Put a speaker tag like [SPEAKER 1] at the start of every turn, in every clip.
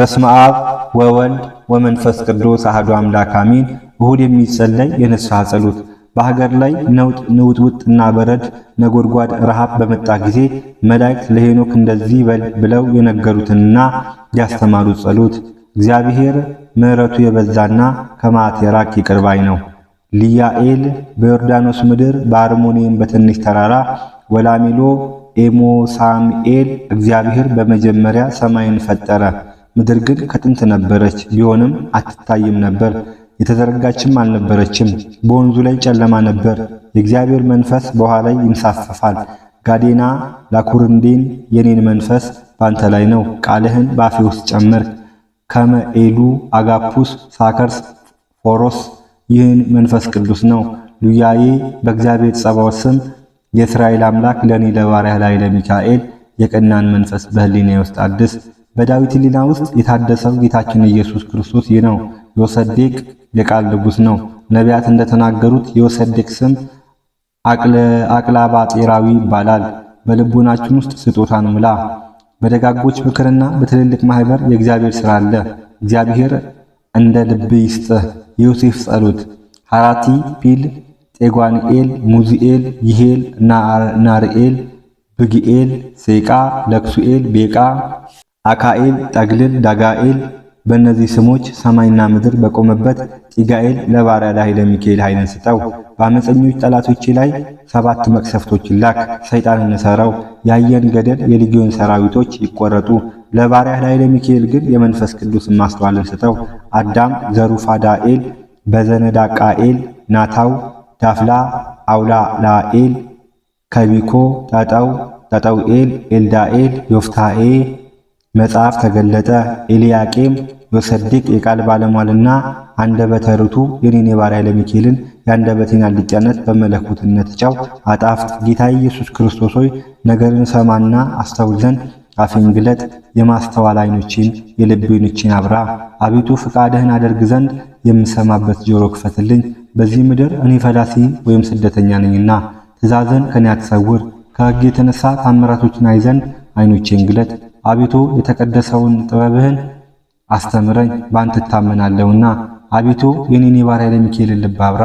[SPEAKER 1] በስመ አብ ወወልድ ወመንፈስ ቅዱስ አህዶ አምላክ አሚን። እሁድ የሚጸለይ የንስሐ ጸሎት በሀገር ላይ ነውጥ ንውጥውጥና በረድ ነጎድጓድ ረሃብ በመጣ ጊዜ መላእክት ለሄኖክ እንደዚህ በል ብለው የነገሩትንና ያስተማሩት ጸሎት። እግዚአብሔር ምሕረቱ የበዛና ከማት የራቅ ይቅርባይ ነው። ሊያኤል በዮርዳኖስ ምድር በአርሞኒየም በትንሽ ተራራ ወላሚሎ ኤሞሳምኤል እግዚአብሔር በመጀመሪያ ሰማይን ፈጠረ። ምድር ግን ከጥንት ነበረች፣ ቢሆንም አትታይም ነበር፣ የተዘረጋችም አልነበረችም። በወንዙ ላይ ጨለማ ነበር። የእግዚአብሔር መንፈስ በውሃ ላይ ይንሳፈፋል። ጋዴና ላኩርንዴን የኔን መንፈስ ባንተ ላይ ነው፣ ቃልህን በአፌ ውስጥ ከመ ከመኤሉ አጋፑስ ሳከርስ ፎሮስ ይህን መንፈስ ቅዱስ ነው ሉያዬ በእግዚአብሔር ጸባዖት ስም የእስራኤል አምላክ ለእኔ ለባሪያህ ላይ ለሚካኤል የቀናን መንፈስ በህሊናዬ ውስጥ አድስ። በዳዊት ሕሊና ውስጥ የታደሰው ጌታችን ኢየሱስ ክርስቶስ ይህ ነው። ዮሰዴቅ የቃል ንጉሥ ነው። ነቢያት እንደተናገሩት የዮሰዴቅ ስም አቅላባ አቅላባጤራዊ ይባላል። በልቦናችን ውስጥ ስጦታን ምላ። በደጋጎች ምክርና በትልልቅ ማህበር የእግዚአብሔር ሥራ አለ። እግዚአብሔር እንደ ልብ ይስጥህ። የዮሴፍ ጸሎት ሐራቲ ፒል ጤጓንኤል፣ ሙዚኤል፣ ይሄል፣ ናርኤል፣ ብግኤል፣ ሴቃ፣ ለክሱኤል፣ ቤቃ አካኤል፣ ጠግልል፣ ዳጋኤል በእነዚህ ስሞች ሰማይና ምድር በቆመበት ጢጋኤል ለባሪያ ለኃይለ ሚካኤል ኃይልን ስጠው። በአመፀኞች ጠላቶቼ ላይ ሰባት መቅሰፍቶችን ላክ። ሰይጣን እንሰራው ያየን ገደል የልጊዮን ሰራዊቶች ይቆረጡ። ለባሪያ ለኃይለ ሚካኤል ግን የመንፈስ ቅዱስን ማስተዋልን ስጠው። አዳም፣ ዘሩፋዳኤል፣ በዘነዳቃኤል፣ ናታው፣ ዳፍላ፣ አውላ ላኤል ከቢኮ፣ ጠጠው፣ ጠጠውኤል፣ ኤልዳኤል፣ ዮፍታኤ መጽሐፍ ተገለጠ። ኤልያቄም ዮሰዲቅ የቃል ባለሟልና አንደበተ ርቱዕ የኔኔ ባሪያ ለሚካኤልን የአንደበቴን አልጫነት በመለኮትነት ጨው አጣፍጥ። ጌታ ኢየሱስ ክርስቶስ ሆይ ነገርን ሰማና አስተውል ዘንድ አፌን ግለጥ፣ የማስተዋል ዓይኖቼን የልቤኖቼን አብራ። አቤቱ ፍቃድህን አደርግ ዘንድ የምሰማበት ጆሮ ክፈትልኝ። በዚህ ምድር እኔ ፈላሲ ወይም ስደተኛ ነኝና ትእዛዝን ከኔ አትሰውር። ከሕግ የተነሳ ታምራቶችን አይ ዘንድ ዓይኖቼን ግለጥ። አቤቱ የተቀደሰውን ጥበብህን አስተምረኝ ባንተ ታመናለሁና። አቤቱ የኔን የባሪያ ለሚካኤልን ልብ አብራ።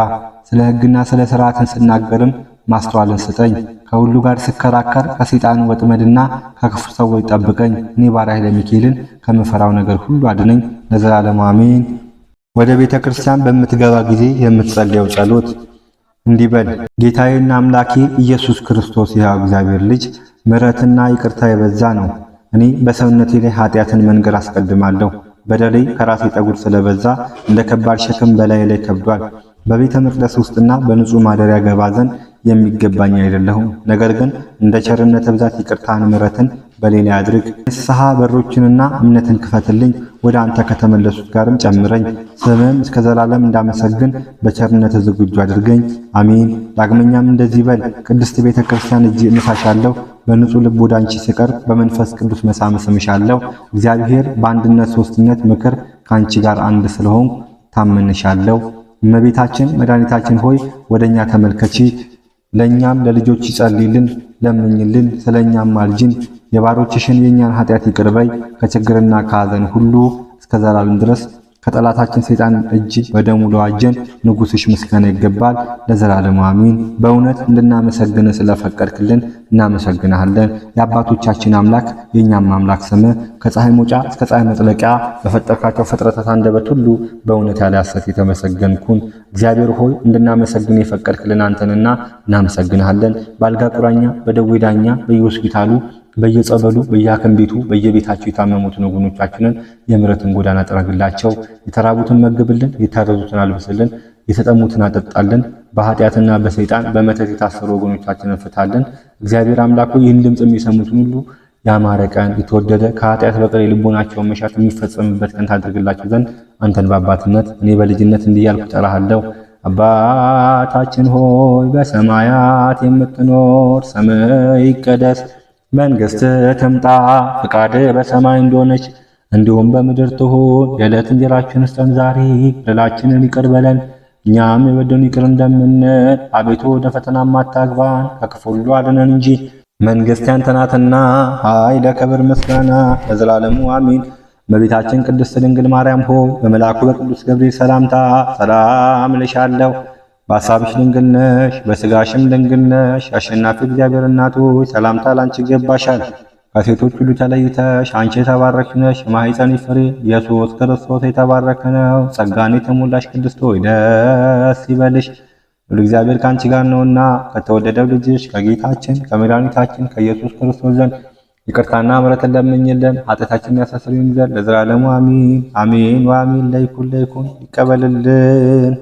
[SPEAKER 1] ስለ ሕግና ስለ ሥርዓትን ስናገርም ማስተዋልን ስጠኝ። ከሁሉ ጋር ስከራከር ከሰይጣን ወጥመድና ከክፉ ሰዎች ጠብቀኝ። እኔ ባሪያ ለሚካኤልን ከምፈራው ነገር ሁሉ አድነኝ። ለዘላለም አሜን። ወደ ቤተ ክርስቲያን በምትገባ ጊዜ የምትጸልየው ጸሎት እንዲህ በል። ጌታዬና አምላኬ ኢየሱስ ክርስቶስ ይህ እግዚአብሔር ልጅ ምሕረትና ይቅርታ የበዛ ነው እኔ በሰውነቴ ላይ ኃጢአትን መንገር አስቀድማለሁ። በደሌ ከራሴ ጠጉር ስለበዛ እንደ ከባድ ሸክም በላይ ላይ ከብዷል። በቤተ መቅደስ ውስጥና በንጹህ ማደሪያ ገባ ዘንድ የሚገባኝ አይደለሁም። ነገር ግን እንደ ቸርነት ብዛት ይቅርታን ምሕረትን በሌላ ያድርግ። ንስሐ በሮችንና እምነትን ክፈትልኝ። ወደ አንተ ከተመለሱት ጋርም ጨምረኝ። ስምም እስከ ዘላለም እንዳመሰግን በቸርነት ዝግጁ አድርገኝ። አሜን። ዳግመኛም እንደዚህ በል፣ ቅድስት ቤተ ክርስቲያን እጅ እንሳሻለሁ። በንጹህ ልብ ወደ አንቺ ስቀርብ በመንፈስ ቅዱስ መሳም ስምሻለሁ። እግዚአብሔር በአንድነት ሶስትነት ምክር ከአንቺ ጋር አንድ ስለሆንኩ ታመንሻለሁ። እመቤታችን መድኃኒታችን ሆይ ወደኛ ተመልከቺ። ለእኛም ለልጆች ይጸልይልን፣ ለምኝልን፣ ስለኛም ማልጅን የባሮችሽን የእኛን ኃጢአት ይቅርበይ ከችግርና ከሐዘን ሁሉ እስከ ዘላለም ድረስ ከጠላታችን ሰይጣን እጅ በደሙ ለዋጀን ንጉሥሽ ምስጋና ይገባል ለዘላለም አሚን። በእውነት እንድናመሰግን ስለፈቀድክልን እናመሰግናለን። የአባቶቻችን አምላክ የእኛም አምላክ ስምህ ከፀሐይ መውጫ እስከ ፀሐይ መጥለቂያ በፈጠርካቸው ፍጥረታት አንደበት ሁሉ በእውነት ያለ ሐሰት የተመሰገንኩን እግዚአብሔር ሆይ እንድናመሰግን የፈቀድክልን አንተንና እናመሰግናለን። በአልጋ ቁራኛ በደዌ ዳኛ በየሆስፒታሉ በየጸበሉ በየሐኪም ቤቱ በየቤታቸው የታመሙትን ወገኖቻችንን የምሕረትን ጎዳና ጥረግላቸው። የተራቡትን መግብልን፣ የታረዙትን አልብስልን፣ የተጠሙትን አጠጣልን። በኃጢአትና በሰይጣን በመተት የታሰሩ ወገኖቻችንን ፍታልን። እግዚአብሔር አምላኩ ይህን ድምፅ የሚሰሙትን ሁሉ ያማረ ቀን የተወደደ ከኃጢአት በቀር የልቦናቸውን መሻት የሚፈጸምበት ቀን ታደርግላቸው ዘንድ አንተን በአባትነት እኔ በልጅነት እንዲህ እያልኩ እጠራሃለሁ።
[SPEAKER 2] አባታችን ሆይ በሰማያት የምትኖር ስምህ ይቀደስ መንግስት ትምጣ፣ ፍቃድ በሰማይ እንደሆነች እንዲሁም በምድር ትሁን። የዕለት እንጀራችንን ስጠን ዛሬ፣ በደላችንን ይቅር በለን እኛም የበደሉንን ይቅር እንደምንል። አቤቱ ወደ ፈተናም አታግባን፣ ከክፉ ሁሉ አድነን እንጂ መንግስት ያንተ ናትና፣ ኃይል፣ ክብር፣ ምስጋና ለዘላለሙ አሚን እመቤታችን ቅድስት ድንግል ማርያም ሆይ በመልአኩ በቅዱስ ገብርኤል ሰላምታ ሰላም እልሻለሁ በሐሳብሽ ድንግል ነሽ፣ በሥጋሽም ድንግል ነሽ። የአሸናፊ እግዚአብሔር እናቱ ሰላምታ ላንቺ ይገባሻል። ከሴቶች ሁሉ ተለይተሽ አንቺ የተባረክሽ ነሽ፣ የማኅፀንሽ ፍሬ ኢየሱስ ክርስቶስ የተባረከ ነው። ጸጋን የተሞላሽ ቅድስት ሆይ ደስ ይበልሽ፣ ሁሉ እግዚአብሔር ከአንቺ ጋር ነውና ከተወደደው ልጅሽ ከጌታችን ከመድኃኒታችን ከኢየሱስ ክርስቶስ ዘንድ ይቅርታና ምሕረትን ለምኝልን ኃጢአታችንን ያሳስረን ዘንድ ለዘላለሙ አሚን አሜን። ወአሜን ለይኩን ለይኩን ይቀበልልን